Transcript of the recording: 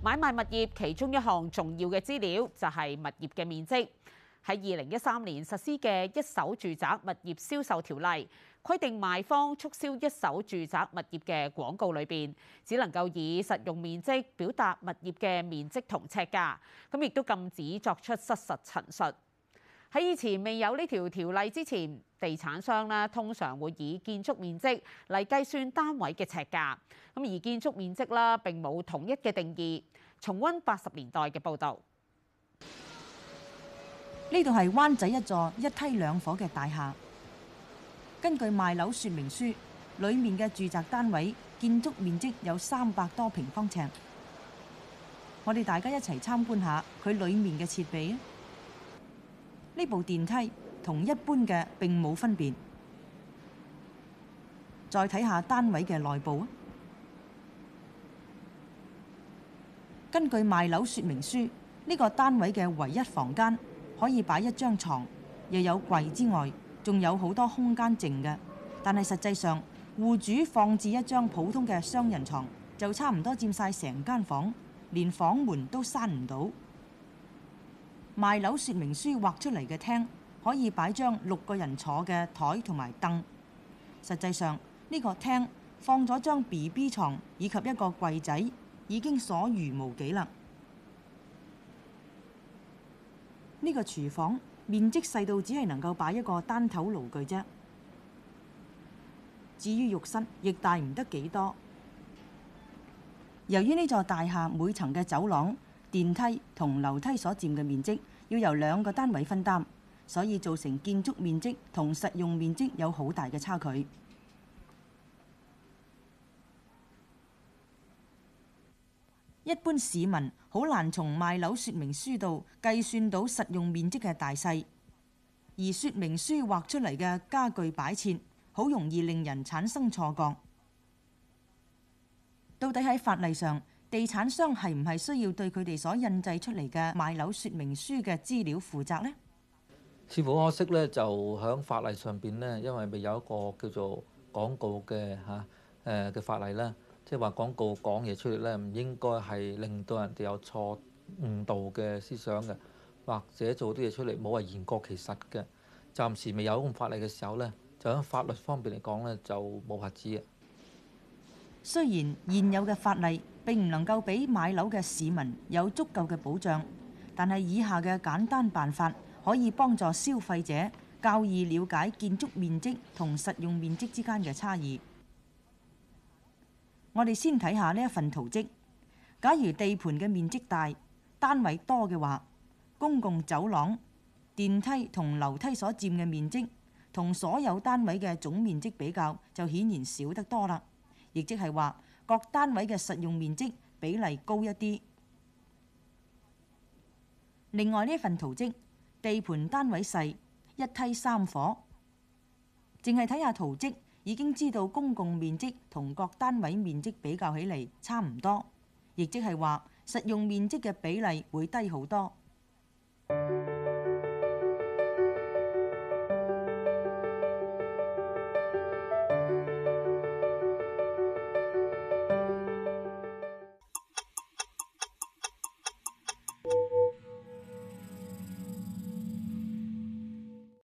買賣物業其中一項重要嘅資料就係物業嘅面積。喺二零一三年實施嘅一手住宅物業銷售條例規定，賣方促銷一手住宅物業嘅廣告裏邊，只能夠以實用面積表達物業嘅面積同尺價，咁亦都禁止作出失實陳述。喺以前未有呢條條例之前，地產商咧通常會以建築面積嚟計算單位嘅呎價。咁而建築面積啦並冇統一嘅定義。重温八十年代嘅報道。呢度係灣仔一座一梯兩伙嘅大廈。根據賣樓說明書，裏面嘅住宅單位建築面積有三百多平方呎。我哋大家一齊參觀一下佢裏面嘅設備。呢部電梯同一般嘅並冇分別。再睇下單位嘅內部。根據賣樓說明書，呢個單位嘅唯一房間可以擺一張床，又有櫃之外，仲有好多空間剩嘅。但係實際上，戶主放置一張普通嘅雙人床，就差唔多佔晒成間房，連房門都閂唔到。賣樓說明書畫出嚟嘅廳可以擺張六個人坐嘅台同埋凳，實際上呢個廳放咗張 B B 床以及一個櫃仔已經所餘無幾啦。呢個廚房面積細到只係能夠擺一個單頭爐具啫。至於浴室亦大唔得幾多。由於呢座大廈每層嘅走廊。電梯同樓梯所佔嘅面積要由兩個單位分擔，所以造成建築面積同實用面積有好大嘅差距。一般市民好難從賣樓說明書度計算到實用面積嘅大細，而說明書畫出嚟嘅家具擺設，好容易令人產生錯覺。到底喺法例上，地產商係唔係需要對佢哋所印製出嚟嘅賣樓說明書嘅資料負責呢？似乎，可惜咧就響法例上邊咧，因為未有一個叫做廣告嘅嚇誒嘅法例啦，即係話廣告講嘢出嚟咧，唔應該係令到人哋有錯誤導嘅思想嘅，或者做啲嘢出嚟冇話言過其實嘅。暫時未有咁法例嘅時候咧，就喺法律方面嚟講咧就冇核資嘅。雖然現有嘅法例。並唔能夠俾買樓嘅市民有足夠嘅保障，但係以下嘅簡單辦法，可以幫助消費者較易了解建築面積同實用面積之間嘅差異。我哋先睇下呢一份圖則。假如地盤嘅面積大，單位多嘅話，公共走廊、電梯同樓梯所佔嘅面積，同所有單位嘅總面積比較，就顯然少得多啦。亦即係話。各單位嘅實用面積比例高一啲。另外呢份圖則，地盤單位細，一梯三伙。淨係睇下圖則已經知道公共面積同各單位面積比較起嚟差唔多，亦即係話實用面積嘅比例會低好多。